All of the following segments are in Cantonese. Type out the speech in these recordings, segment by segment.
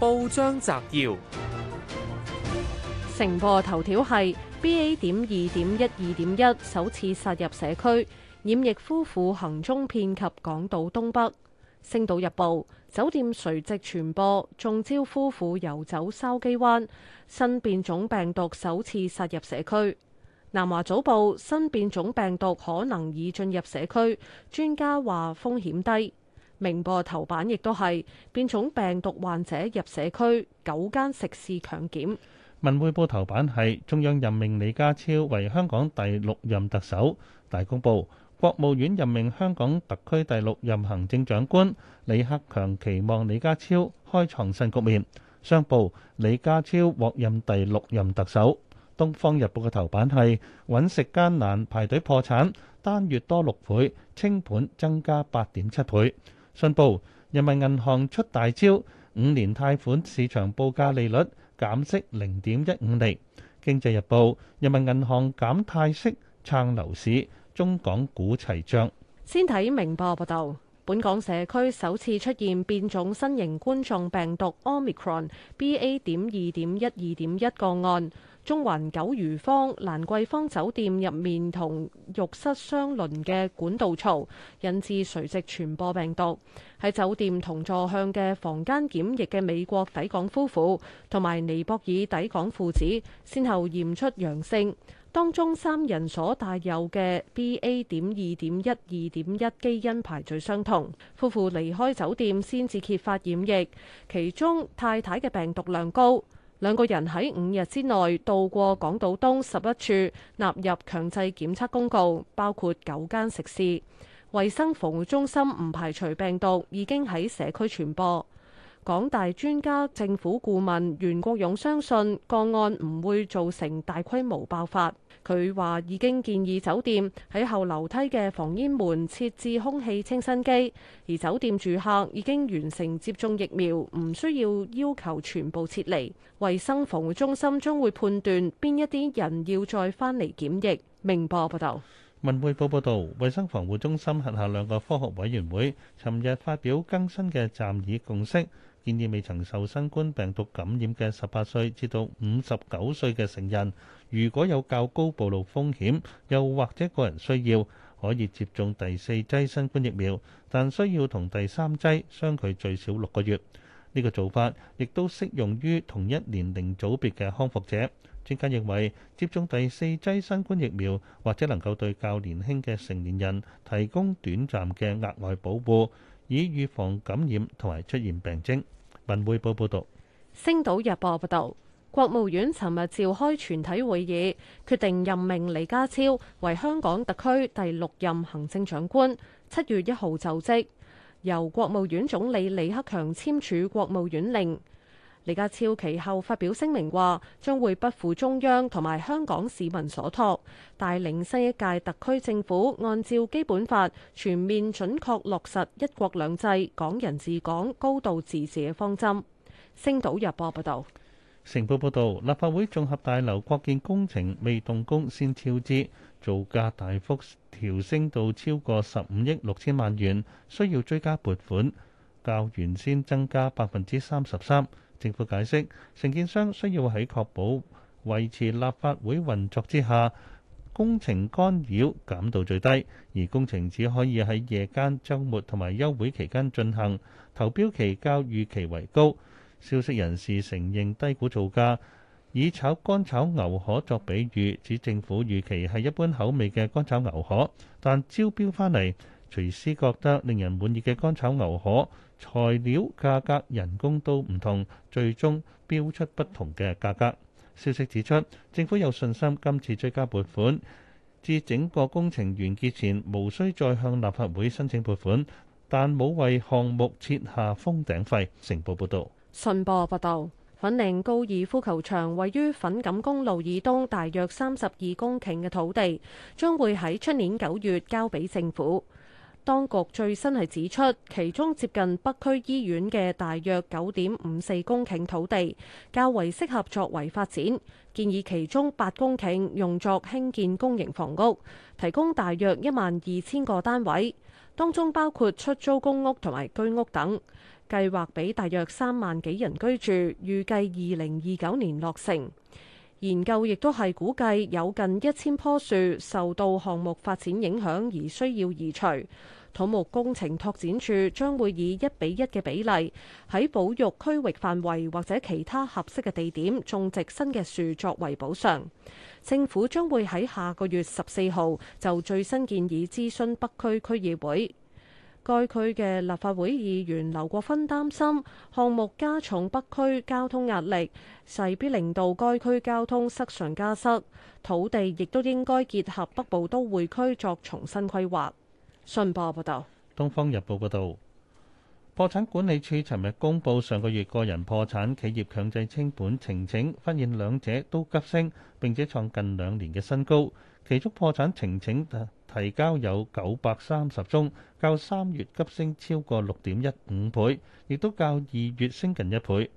報章摘要：，成報頭條係 B A 點二點一二點一首次殺入社區，染疫夫婦行蹤遍及港島東北。星島日報：酒店垂直傳播，中招夫婦遊走筲箕灣，新變種病毒首次殺入社區。南華早報：新變種病毒可能已進入社區，專家話風險低。明報頭版亦都係變種病毒患者入社區，九間食肆強檢。文匯報頭版係中央任命李家超為香港第六任特首。大公報，國務院任命香港特區第六任行政長官李克強，期望李家超開創新局面。商報，李家超獲任第六任特首。《東方日報》嘅頭版係搵食艱難，排隊破產，單月多六倍，清盤增加八點七倍。信報：人民銀行出大招，五年貸款市場報價利率減息零點一五釐。經濟日報：人民銀行減貸息撐樓市，中港股齊漲。先睇明報報道，本港社區首次出現變種新型冠狀病毒 Omicron BA 點二點一二點一個案。中環九如坊蘭桂坊酒店入面同浴室相鄰嘅管道槽，引致垂直傳播病毒。喺酒店同座向嘅房間檢疫嘅美國抵港夫婦同埋尼泊爾抵港父子，先後驗出陽性。當中三人所帶有嘅 BA. 點二點一二點一基因排序相同。夫婦離開酒店先至揭發染疫，其中太太嘅病毒量高。兩個人喺五日之內到過港島東十一處，納入強制檢測公告，包括九間食肆。衞生防護中心唔排除病毒已經喺社區傳播。港大專家政府顧問袁國勇相信個案唔會造成大規模爆發，佢話已經建議酒店喺後樓梯嘅防煙門設置空氣清新機，而酒店住客已經完成接種疫苗，唔需要要求全部撤離，衛生防護中心將會判斷邊一啲人要再翻嚟檢疫。明報報道。文匯報報道，衛生防護中心轄下兩個科學委員會尋日發表更新嘅暫議共識。建議未曾受新冠病毒感染嘅十八歲至到五十九歲嘅成人，如果有較高暴露風險，又或者個人需要，可以接種第四劑新冠疫苗，但需要同第三劑相距最少六個月。呢個做法亦都適用於同一年齡組別嘅康復者。專家認為，接種第四劑新冠疫苗，或者能夠對較年輕嘅成年人提供短暫嘅額外保護。以預防感染同埋出現病徵。文匯報報道，《星島日報》報道，國務院尋日召開全體會議，決定任命李家超為香港特區第六任行政長官，七月一號就職，由國務院總理李克強簽署國務院令。李家超其後發表聲明話，將會不負中央同埋香港市民所託，帶領新一屆特區政府按照基本法全面準確落實一國兩制、港人治港、高度自治嘅方針。星島日報報道：成報報道，立法會綜合大樓擴建工程未動工先超支，造價大幅調升到超過十五億六千萬元，需要追加撥款，較原先增加百分之三十三。政府解釋，承建商需要喺確保維持立法會運作之下，工程干擾減到最低，而工程只可以喺夜間、週末同埋休會期間進行。投標期較預期為高，消息人士承認低估造價，以炒乾炒牛河作比喻，指政府預期係一般口味嘅乾炒牛河，但招標翻嚟。廚師覺得令人滿意嘅乾炒牛河，材料、價格、人工都唔同，最終標出不同嘅價格。消息指出，政府有信心今次追加撥款，至整個工程完結前無需再向立法會申請撥款，但冇為項目設下封頂費。成報報道：「信報報道，粉嶺高爾夫球場位於粉錦公路以東，大約三十二公頃嘅土地將會喺出年九月交俾政府。當局最新係指出，其中接近北區醫院嘅大約九點五四公頃土地較為適合作為發展，建議其中八公頃用作興建公營房屋，提供大約一萬二千個單位，當中包括出租公屋同埋居屋等，計劃俾大約三萬幾人居住，預計二零二九年落成。研究亦都係估計有近一千棵樹受到項目發展影響而需要移除，土木工程拓展處將會以一比一嘅比例，喺保育區域範圍或者其他合適嘅地點種植新嘅樹作為補償。政府將會喺下個月十四號就最新建議諮詢北區區議會。該區嘅立法會議員劉國勳擔心項目加重北區交通壓力，勢必令到該區交通塞上加塞。土地亦都應該結合北部都會區作重新規劃。信報報道，《東方日報》報道，破產管理處尋日公佈上個月個人破產、企業強制清盤呈請，發現兩者都急升，並且創近兩年嘅新高。其中破產呈請，啊提交有九百三十宗，較三月急升超過六點一五倍，亦都較二月升近一倍。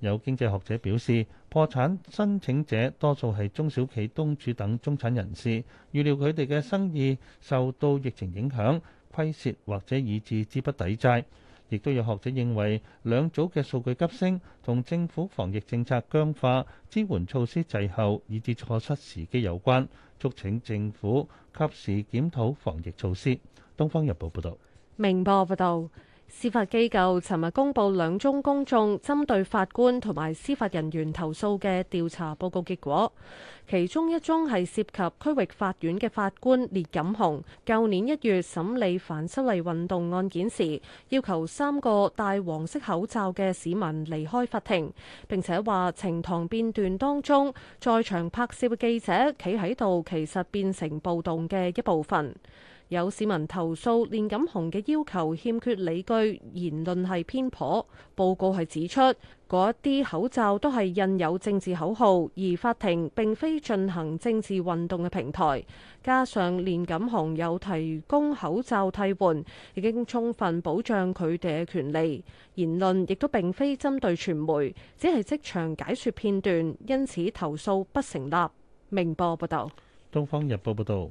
有經濟學者表示，破產申請者多數係中小企、東主等中產人士，預料佢哋嘅生意受到疫情影響，虧蝕或者以致資不抵債，亦都有學者認為，兩組嘅數據急升同政府防疫政策僵化、支援措施滯後以至錯失時機有關。促請政府及時檢討防疫措施。《東方日報》報道。《明報》報道。司法機構尋日公布兩宗公眾針對法官同埋司法人員投訴嘅調查報告結果，其中一宗係涉及區域法院嘅法官聶錦雄，舊年一月審理反修例運動案件時，要求三個戴黃色口罩嘅市民離開法庭，並且話呈堂辯斷當中，在場拍攝嘅記者企喺度，其實變成暴動嘅一部分。有市民投訴練錦鴻嘅要求欠缺理據，言論係偏頗。報告係指出，嗰一啲口罩都係印有政治口號，而法庭並非進行政治運動嘅平台。加上練錦鴻有提供口罩替換，已經充分保障佢哋嘅權利。言論亦都並非針對傳媒，只係即場解說片段，因此投訴不成立。明報報道。東方日報報道。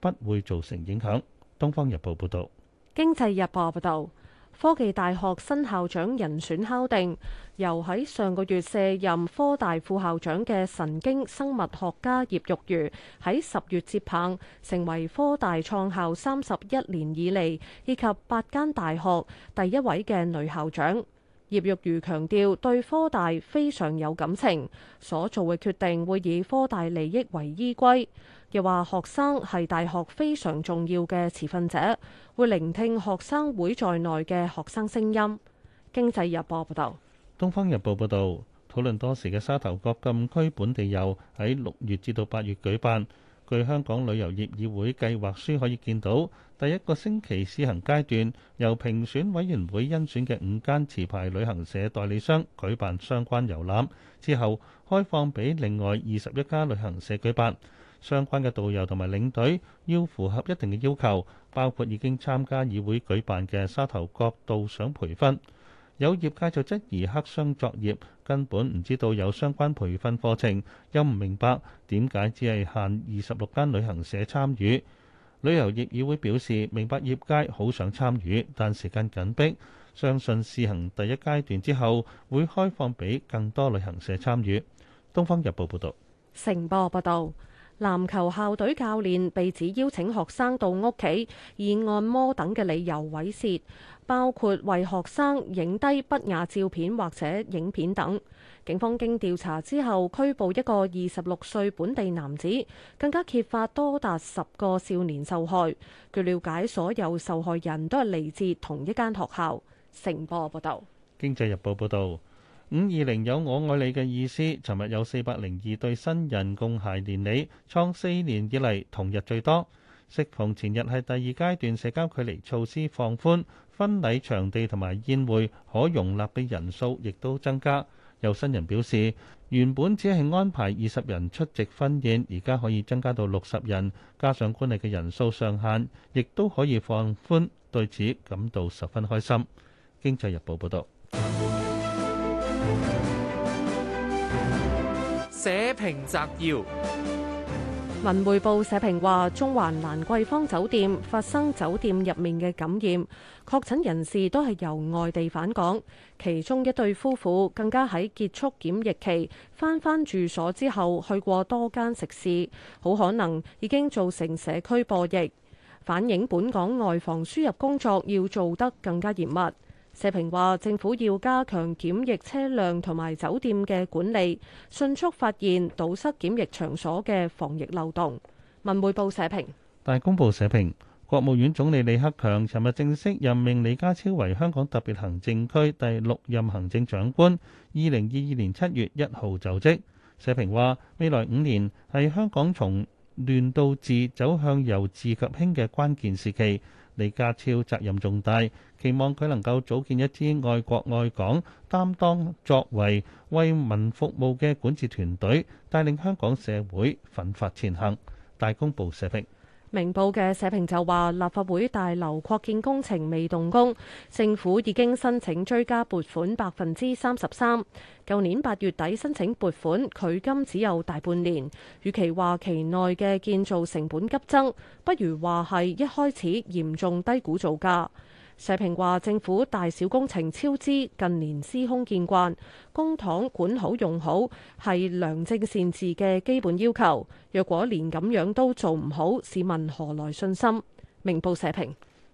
不會造成影響。《東方日報》報導，《經濟日報》報導，科技大學新校長人選敲定，由喺上個月卸任科大副校長嘅神經生物學家葉玉如喺十月接棒，成為科大創校三十一年以嚟以及八間大學第一位嘅女校長。葉玉如強調，對科大非常有感情，所做嘅決定會以科大利益為依歸。又話學生係大學非常重要嘅持份者，會聆聽學生會在內嘅學生聲音。經濟日報報道：「東方日報報道，討論多時嘅沙頭角禁區本地遊喺六月至到八月舉辦。據香港旅遊業議會計劃書可以見到，第一個星期試行階段由評選委員會甄選嘅五間持牌旅行社代理商舉辦相關遊覽，之後，開放俾另外二十一家旅行社舉辦。相關嘅導遊同埋領隊，要符合一定嘅要求，包括已經參加議會舉辦嘅沙頭角導賞培訓。有業界就質疑黑箱作業，根本唔知道有相關培訓課程，又唔明白點解只係限二十六間旅行社參與。旅遊業議會表示明白業界好想參與，但時間緊迫，相信試行第一階段之後會開放俾更多旅行社參與。《東方日報》報道，成報報道，籃球校隊教練被指邀請學生到屋企，以按摩等嘅理由猥褻，包括為學生影低不雅照片或者影片等。警方經調查之後，拘捕一個二十六歲本地男子，更加揭發多達十個少年受害。據了解，所有受害人都係嚟自同一間學校。《成報》報道。《經濟日報》報道。五二零有我愛你嘅意思。尋日有四百零二對新人共偕連理，創四年以嚟同日最多。適逢前日係第二階段社交距離措施放寬，婚禮場地同埋宴會可容納嘅人數亦都增加。有新人表示，原本只係安排二十人出席婚宴，而家可以增加到六十人，加上觀禮嘅人數上限，亦都可以放寬。對此感到十分開心。經濟日報報道。社評摘要：文匯報社評話，中環蘭桂坊酒店發生酒店入面嘅感染，確診人士都係由外地返港，其中一對夫婦更加喺結束檢疫期翻返住所之後，去過多間食肆，好可能已經造成社區播疫。反映本港外防輸入工作要做得更加嚴密。社評話，政府要加強檢疫車輛同埋酒店嘅管理，迅速發現堵塞檢疫場所嘅防疫漏洞。文匯報社評。大公報社評，國務院總理李克強尋日正式任命李家超為香港特別行政區第六任行政長官，二零二二年七月一號就職。社評話，未來五年係香港從亂到治走向由治及興嘅關鍵時期。李家超責任重大，期望佢能夠組建一支愛國愛港、擔當作為、為民服務嘅管治團隊，帶領香港社會奮發前行。大公報社評。明報嘅社評就話：立法會大樓擴建工程未動工，政府已經申請追加撥款百分之三十三。舊年八月底申請撥款，距今只有大半年，與其話期內嘅建造成本急增，不如話係一開始嚴重低估造價。社評話：政府大小工程超支近年司空見慣，公帑管好用好係良政善治嘅基本要求。若果連咁樣都做唔好，市民何來信心？明報社評，《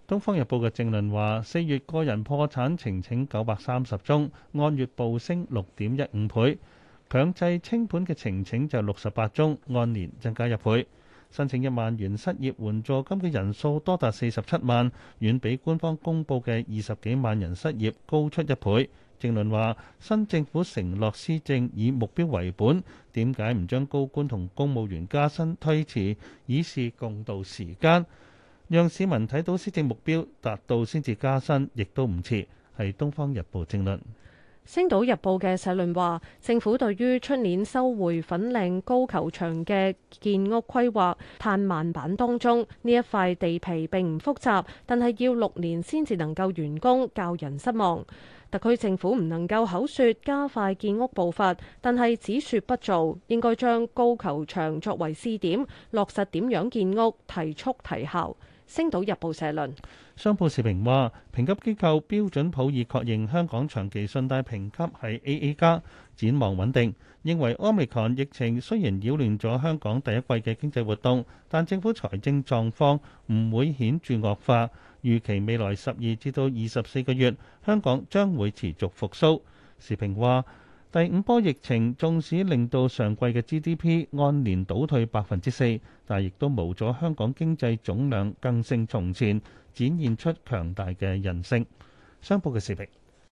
東方日報》嘅政論話：四月個人破產呈請九百三十宗，按月暴升六點一五倍；強制清盤嘅呈請就六十八宗，按年增加一倍。申請一萬元失業援助金嘅人數多達四十七萬，遠比官方公佈嘅二十幾萬人失業高出一倍。正論話：新政府承諾施政以目標為本，點解唔將高官同公務員加薪推遲，以示共度時間，讓市民睇到施政目標達到先至加薪，亦都唔遲。係《東方日報》正論。《星島日報》嘅社論話，政府對於出年收回粉嶺高球場嘅建屋規劃，嘆慢板。當中呢一塊地皮並唔複雜，但係要六年先至能夠完工，教人失望。特區政府唔能夠口說加快建屋步伐，但係只說不做，應該將高球場作為試點，落實點樣建屋，提速提效。《星島日報》社論。商報時評話，評級機構標準普爾確認香港長期信貸評級係 A A 加，展望穩定。認為 Omicron 疫情雖然擾亂咗香港第一季嘅經濟活動，但政府財政狀況唔會顯著惡化，預期未來十二至到二十四個月，香港將會持續復甦。時評話，第五波疫情縱使令到上季嘅 G D P 按年倒退百分之四，但亦都冇咗香港經濟總量更勝從前。展現出強大嘅人性。商報嘅視力。